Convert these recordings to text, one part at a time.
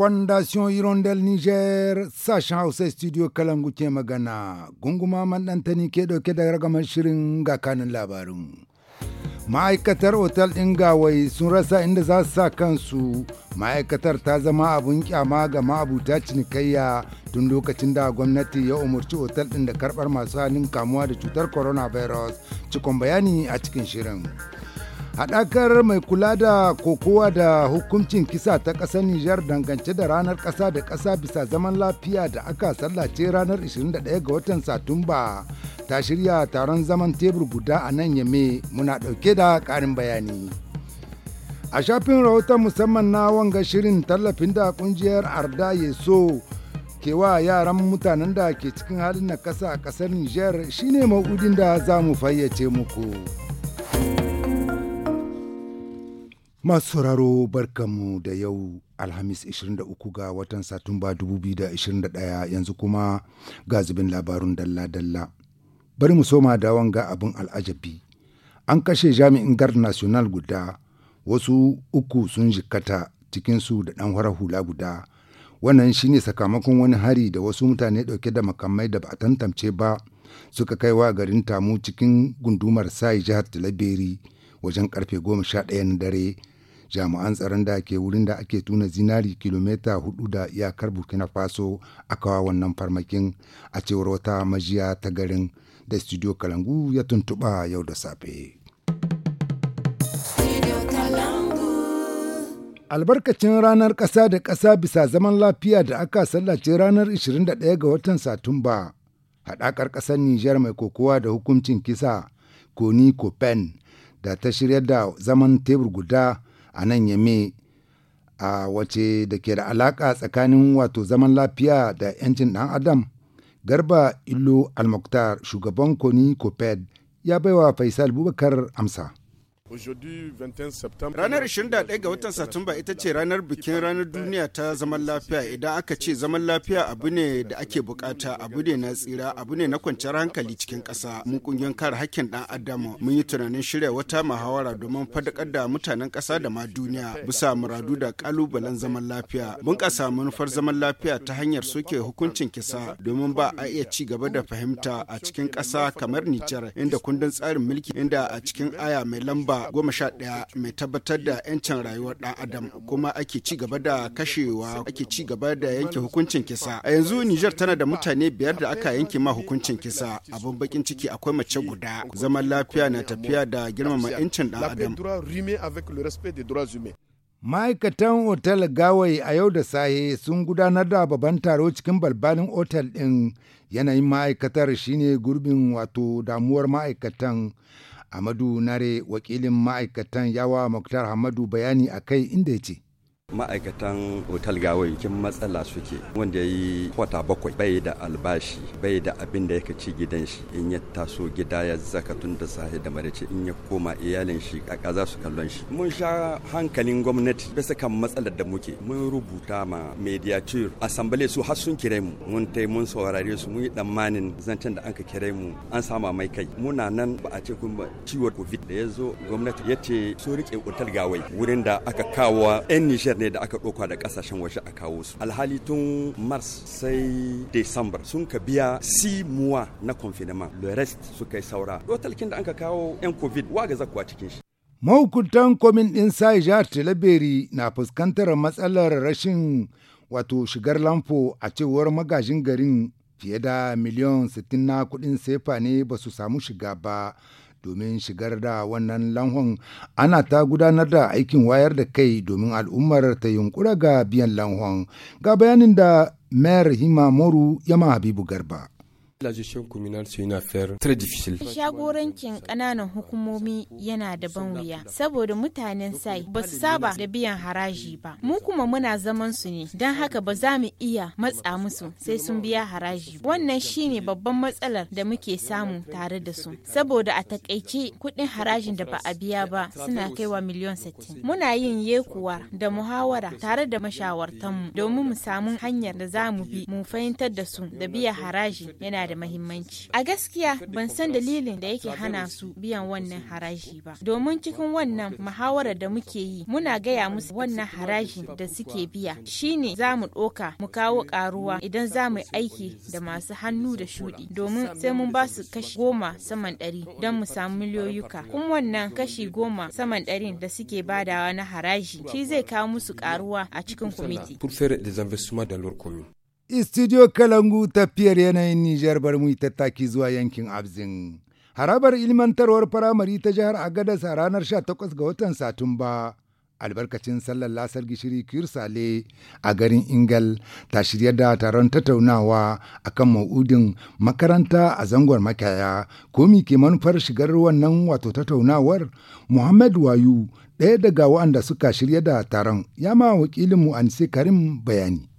fondation hirondel niger sashen hausa studio kalangu ke magana gunguma maɗantani ke ɗauke da ragamar shirin ga kanin labarin ma'aikatar otal din gawai sun rasa inda za su sa kansu ma'aikatar ta zama abun kyama ga ma'abuta cinikayya tun lokacin da gwamnati ya umarci otal din da karbar masu halin kamuwa da cutar coronavirus cikon bayani a cikin shirin haɗakar mai kula da kokowa da hukuncin kisa ta ƙasar Nijar dangance da ranar ƙasa da ƙasa bisa zaman lafiya da aka sallace ranar 21 ga watan Satumba ta shirya taron zaman tebur guda a nan yame muna ɗauke da ƙarin bayani. A shafin rahoton musamman na wanga shirin tallafin da ƙungiyar Arda Yeso kewa yaran mutanen da ke cikin halin na ƙasa a ƙasar Nijar shine maudin da za mu fayyace muku. Masu sauraro barkanmu da yau Alhamis 23 ga watan Satumba 2021 yanzu kuma ga zubin labarun dalla-dalla. Bari mu soma da ga abin al'ajabi. An kashe jami'in gar national guda, wasu uku sun jikkata cikinsu da ɗan farar hula guda. Wannan shine sakamakon wani hari da wasu mutane ɗauke da makamai da ba a tantance ba suka kai wa garin Tamu cikin gundumar Sai jihar Talabiri wajen karfe 11 na dare. jami'an tsaron da ke wurin da ake tuna zinari kilomita hudu da iyakar burkina faso a kawa wannan farmakin a cewar wata majiya ta garin da studio kalangu ya tuntuɓa yau da safe. albarkacin ranar ƙasa da ƙasa bisa zaman lafiya da aka sallace ranar 21 ga watan satumba haɗakar ƙasar nijar mai kokowa da hukuncin kisa koni kopen da ta shirya da zaman tebur guda a nan yame a wace da ke da alaƙa tsakanin wato zaman lafiya da 'yancin ɗan adam garba ilo almuktar shugaban koni coped ya baiwa faisal bubakar amsa Ranar 21 ga watan Satumba ita ce ranar bikin ranar duniya ta zaman lafiya idan aka ce zaman lafiya abu ne da ake bukata abu ne na tsira abu ne na kwanciyar hankali cikin ƙasa. Mun kungiyar kare hakkin ɗan adam mun yi tunanin shirya wata muhawara domin fadakar da mutanen ƙasa da ma duniya bisa muradu da ƙalubalen zaman lafiya. mun ƙasa manufar zaman lafiya ta hanyar soke hukuncin kisa domin ba a iya ci gaba da fahimta a cikin ƙasa kamar Nijar inda kundin tsarin mulki inda a cikin aya mai lamba goma sha ɗaya mai tabbatar da 'yancin rayuwar ɗan adam kuma ake ci gaba da kashewa ake ci gaba da yanke hukuncin kisa a yanzu nijar tana da mutane biyar da aka yanke ma hukuncin kisa abin bakin ciki akwai mace guda zaman lafiya na tafiya da girmama 'yancin ɗan adam ma'aikatan otal gawai a yau da sahe sun gudanar da babban taro cikin balbalin otal din yanayin ma'aikatar shine gurbin wato damuwar ma'aikatan Amadu Nare wakilin ma'aikatan yawa Muktar Hamadu bayani a kai inda yace. ma'aikatan otal gawai kin matsala suke wanda ya yi kwata bakwai bai da albashi bai da abin da yake ci gidan shi in ya taso gida ya zaka tun da sahi da marice in ya koma iyalin shi a za su kallon shi mun sha hankalin gwamnati bisa kan matsalar da muke mun rubuta ma mediatur asambale su har sun kire mu mun tai mun saurare su mun yi tsammanin zancen da anka kire mu an sama mai kai muna nan ba a ce kuma ciwon covid da ya zo gwamnati ya ce su rike otal gawai wurin da aka kawo 'yan nishar ne da aka ɗauka da ƙasashen waje a kawo su alhali tun mars sai december sun ka biya si muwa na confinement le rest suka yi saura ɗotalkin da an ka kawo yan covid waga zakuwa cikin shi mahukuntan kwamin ɗin sai jihar na fuskantar matsalar rashin wato shigar lamfo a cewar magajin garin fiye da miliyan 60 na kuɗin sefa ne ba su samu shiga ba domin shigar da wannan lanhon ana ta gudanar da aikin wayar da kai domin al'ummar ta yunkura ga biyan lanhon ga bayanin da mayar hima moru yama habibu garba Shagorancin ƙananan hukumomi yana da ban wuya saboda mutanen sai ba su saba da biyan haraji ba. Mu kuma muna zaman su ne don haka ba za mu iya matsa musu sai sun biya haraji. Wannan shine babban matsalar da muke samu tare da su. Saboda a takaice kuɗin harajin da ba a biya ba suna kaiwa miliyan 60. Muna yin yekuwa da muhawara tare da mashawartanmu domin mu samu hanyar da za mu bi mu fahimtar da su da biya haraji yana da mahimmanci. A gaskiya ban san dalilin da yake hana su biyan wannan haraji ba. Domin cikin wannan muhawarar da muke yi muna gaya musu wannan haraji da suke biya shi ne za mu ɗoka mu kawo ƙaruwa idan za mu yi aiki da masu hannu da shuɗi domin sai mun ba su kashi goma saman ɗari don mu samu miliyoyuka. kun wannan kashi goma saman ɗari da suke badawa na haraji shi zai kawo musu ƙaruwa a cikin kwamiti. Studio Kalangu tafiyar yanayin Nijar bar mu tattaki zuwa yankin Abzin. Harabar ilmantarwar firamare ta jihar Agadas a ranar 18 ga watan Satumba. Albarkacin sallar lasar gishiri Kirsale a garin Ingal ta shirya da taron tattaunawa a kan ma'udin makaranta a zangon makaya. Komi ke manufar shigar wannan wato tattaunawar Muhammad Wayu ɗaya daga waɗanda suka shirya da taron ya ma wakilinmu Anise Karim bayani.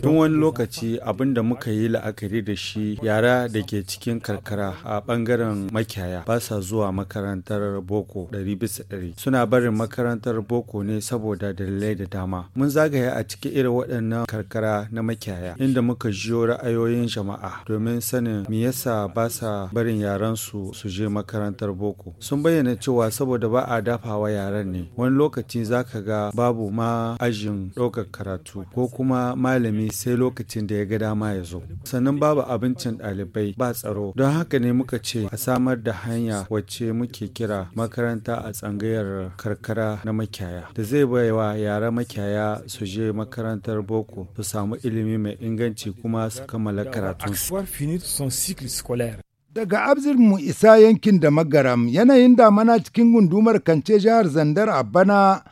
Tun wani lokaci abin da muka yi la'akari da shi yara da ke cikin karkara a bangaren makiyaya ba sa zuwa makarantar boko 100% suna barin makarantar boko ne saboda dalilai da dama. Mun zagaya a cikin irin waɗannan karkara na makiyaya inda muka jiyo ra'ayoyin jama'a domin sanin me yasa ba sa barin yaran su su je makarantar boko. Sun bayyana cewa saboda ba a dafawa yaran ne wani lokaci zaka ga babu ma ajin ɗaukar karatu ko kuma malami sai lokacin da ya ga dama ya zo sannan babu abincin ɗalibai ba tsaro don haka ne muka ce a samar da hanya wacce muke kira makaranta a tsangayar karkara na makiyaya da zai baiwa yara makiyaya su je makarantar boko su samu ilimi mai inganci kuma su kammala karatunsu Daga Abzir mu isa yankin da magaram yanayin damana cikin gundumar kance jihar Zandar a bana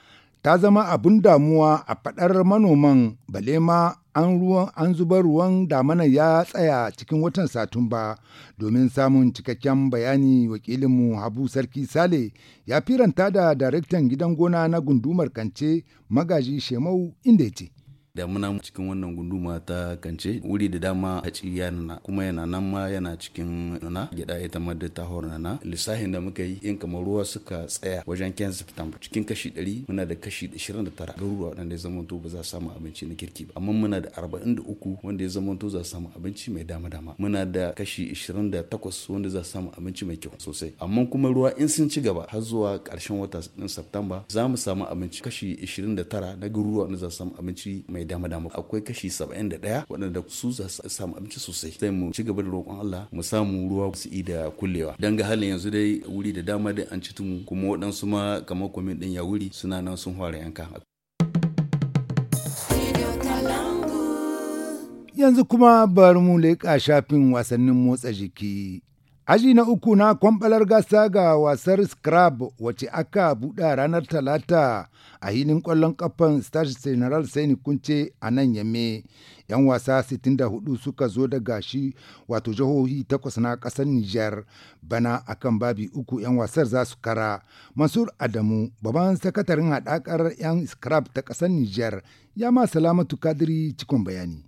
ta zama abin damuwa a faɗar manoman balema an ruwan an zubar ruwan damana ya tsaya cikin watan satumba domin samun cikakken bayani wakilinmu habu sarki sale ya firanta da daraktan gidan gona na gundumar kance magaji shemau inda ya ce da muna cikin wannan gunduma ta kance wuri da dama a ya nuna kuma yana nan ma yana cikin nuna gida ita ma da tahor nana lissafin da muka yi in kamar ruwa suka tsaya wajen kyan september cikin kashi 100 muna da kashi 29 garuruwa waɗanda ya zama to ba za a samu abinci na kirki ba amma muna da 43 wanda ya zama to za a samu abinci mai dama dama muna da kashi 28 wanda za a samu abinci mai kyau sosai amma kuma ruwa in sun ci gaba har zuwa karshen wata din september za mu samu abinci kashi 29 na garuruwa wanda za a samu abinci mai mai dama dama akwai kashi 71 waɗanda su za su samu abinci sosai sai mu ci gaba da roƙon Allah mu samu ruwa su yi da kullewa dan ga halin yanzu dai wuri da dama dai an ci tumu kuma waɗansu ma kamar kwamin ɗin ya wuri suna nan sun fara yanka yanzu kuma bari mu leƙa shafin wasannin motsa jiki Aji na uku na kwambalar gasa ga wasar Scrab wace aka buɗa ranar Talata a hilin ƙwallon ƙafan Star General Saini Kunce a nan Yamme. 'Yan wasa 64 suka zo daga shi wato jihohi takwas na ƙasar Nijar bana akan babi uku 'yan wasar za su kara. Mansur Adamu, babban sakataren haɗakar 'yan Scrab ta ƙasar Nijar, ya ma salamatu kadiri cikon bayani.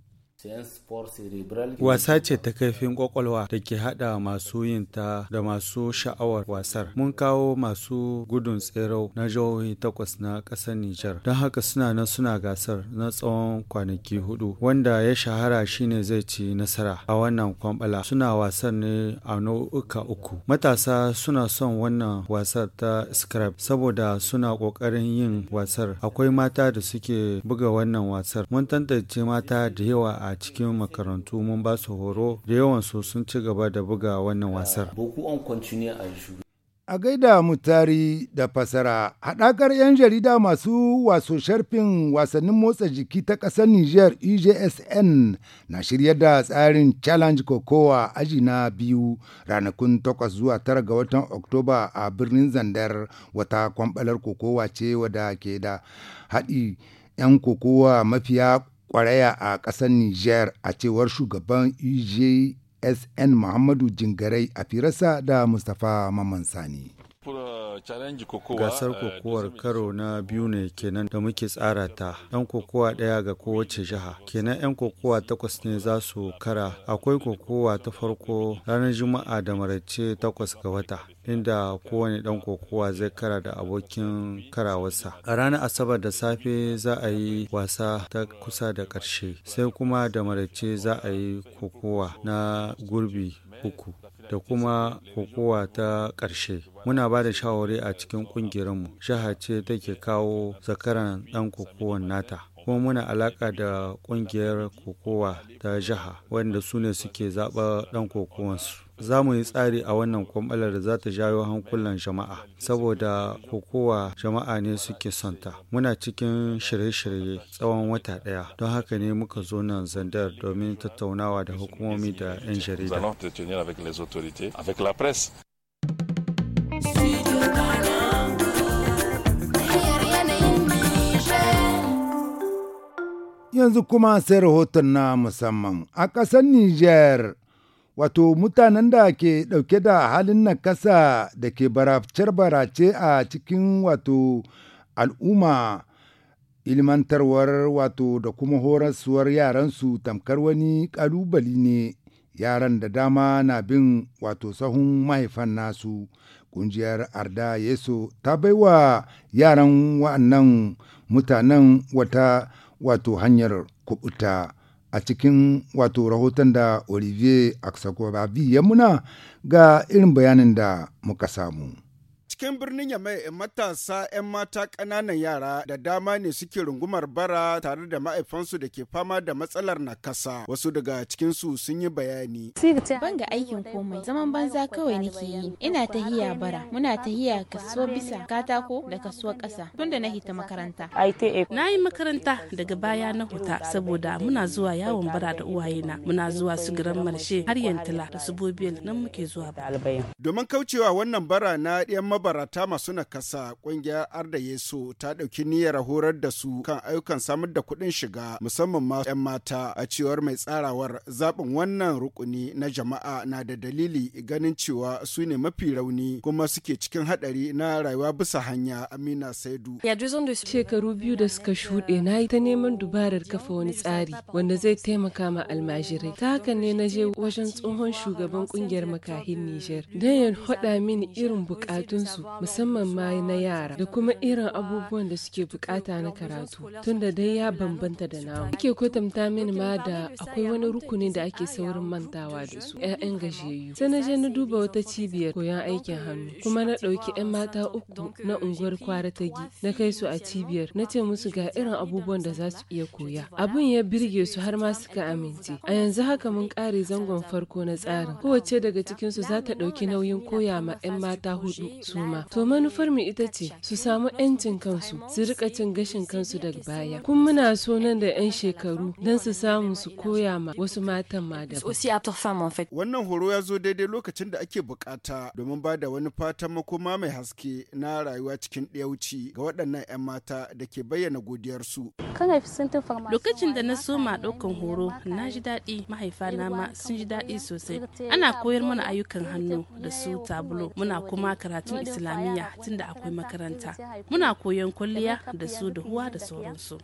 Wasa ce ta kaifin kwakwalwa da ke haɗa masu yin ta da masu sha'awar wasar. Mun kawo masu gudun tsero na jihohi takwas na ƙasar Nijar, don haka suna na suna gasar na tsawon kwanaki hudu. Wanda ya shahara shine zai ci nasara a wannan kwambala. Suna wasar ne a nau'uka uku. Matasa suna son wannan wasar ta scrap saboda suna ƙoƙarin yin wasar. Akwai mata da suke buga wannan wasar. Mun tantance mata da yawa a a cikin makarantu mun ba su horo da yawan sun ci gaba da buga wannan wasar. A gaida mutari da fasara, haɗakar 'yan jarida masu waso sharfin wasannin motsa jiki ta ƙasar Nijar EJSN na shirya da tsarin Challenge Kokowa aji na biyu ranakun 8 zuwa 9 ga watan Oktoba a birnin Zandar wata kwamɓalar kokowa ce wadda ke da haɗi 'yan kokowa mafiya kwaraya a ƙasar Niger a cewar shugaban UJSN e Muhammadu Jingarai a firarsa da Mustapha Mamman Sani. gasar eh, kokowar karo na biyu ne kenan da muke tsara ta yan kokowa ɗaya ga kowace jiha kenan yan kokowa takwas ne za su kara akwai kokowa ta farko ranar juma'a da marace takwas ga wata inda kowane ɗan kokowa zai kara da abokin karawarsa a ranar asabar da safe za a yi wasa ta kusa da ƙarshe sai kuma da marace za a yi kokowa na gurbi uku da kuma kokowa ta ƙarshe. Muna ba da shawari a cikin ƙungiyarmu, jiha ce take kawo zakaran ɗan kokowan nata. kuma muna alaƙa da ƙungiyar kokowa ta jiha wanda su ne suke zaɓa ɗan kokowansu za mu yi tsari a wannan kwamɓalar da za ta jawo hankulan jama'a saboda kokowa jama'a ne suke santa muna cikin shirye-shirye tsawon wata ɗaya don haka ne muka zo nan zandar domin tattaunawa da hukumomi da 'yan jarida yanzu kuma sai rahoton na musamman a ƙasar Nijar wato mutanen da ke ɗauke da halin na kasa da ke barace-barace a cikin wato al'umma ilmantarwar wato da kuma horaswar yaransu tamkar wani ƙalubali ne yaran da dama na bin wato sahun mahaifan nasu ƙungiyar arda yeso ta baiwa yaran wa'annan mutanen wata wato hanyar kubuta a cikin wato rahoton da olivier aksakorabi ya muna ga irin bayanin da muka samu. cikin birnin Yamai matasa 'yan mata ƙananan yara da dama ne suke rungumar bara tare da ma'aifansu da ke fama da matsalar na kasa. Wasu daga cikin su sun yi bayani. Ban ga aikin komai, zaman banza kawai nake yi. Ina tahiya bara, muna tahiya kaso bisa katako da kaso kasa tunda na hita makaranta. Na yi makaranta daga baya na huta saboda muna zuwa yawon bara da uwayena, muna zuwa su giran marshe har yantila da su nan muke zuwa ba. Domin kaucewa wannan bara na ɗiyan mabarata masu nakasa kungiyar Arda Yesu ta ɗauki niyyar horar da su kan ayyukan samar da kuɗin shiga musamman ma 'yan mata a cewar mai tsarawar zaɓin wannan rukuni na jama'a na da dalili ganin cewa su ne mafi rauni kuma suke cikin haɗari na rayuwa bisa hanya Amina Saidu. Shekaru biyu da suka shuɗe na yi ta neman dubarar kafa wani tsari wanda zai taimaka ma almajirai. Ta haka ne na je wajen tsohon shugaban kungiyar makahin Nijar. Don ya faɗa mini irin bukatun su musamman ma na yara da kuma irin abubuwan da suke bukata na karatu tunda dai ya bambanta da nama. Ake kwatanta mini ma da akwai wani rukuni da ake saurin mantawa da su 'ya'yan gajiyayyu. Sai na je na duba wata cibiyar koyon aikin hannu kuma na ɗauki 'yan mata uku na unguwar kwara ta gi na kai su a cibiyar na ce musu ga irin abubuwan da za su iya koya. Abun ya birge su har ma suka amince. A yanzu haka mun kare zangon farko na tsarin. Kowace daga cikinsu za ta ɗauki nauyin koya ma 'yan mata hudu su girma to manufar mu ita ce su samu yancin kansu su rika cin gashin kansu daga baya kun muna so nan da yan shekaru don su samu su koya ma wasu matan ma da wannan horo ya zo daidai lokacin da ake bukata domin ba da wani fatan makoma mai haske na rayuwa cikin ɗayauci ga waɗannan 'yan mata da ke bayyana godiyarsu lokacin da na soma ɗaukan horo na ji daɗi mahaifa na ma sun ji daɗi sosai ana koyar mana ayyukan hannu da su tabulo muna kuma karatun islamiyya tunda akwai makaranta muna koyon kwalliya da su da huwa da sauransu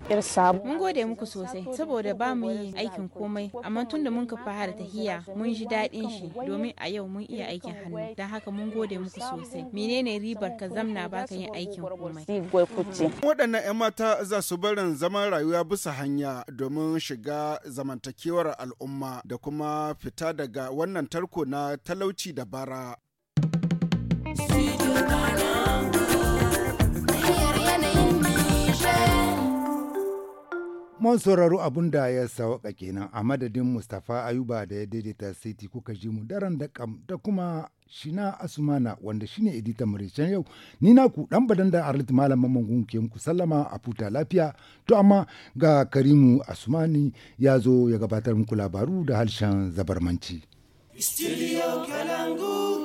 mun gode muku sosai saboda ba mu yi aikin komai amma tunda mun kafa har tahiya mun ji daɗin shi domin a yau mun iya aikin hannu don haka mun gode muku sosai menene ribar ka zamna ba ka yin aikin komai waɗannan 'yan mata za su barin zaman rayuwa bisa hanya domin shiga zamantakewar al'umma da kuma fita daga wannan tarko na talauci da bara Mun sauraro abun da ya sawaka kenan a madadin Mustapha Ayuba da ya daidaita City kuka ji mu daren da kam da kuma Shina Asumana wanda shine editan Maraicen yau ni na ku dan badan da Arlit Malam Mamman ke muku sallama a futa lafiya to amma ga Karimu Asumani ya zo ya gabatar muku labaru da harshen zabarmanci. Studio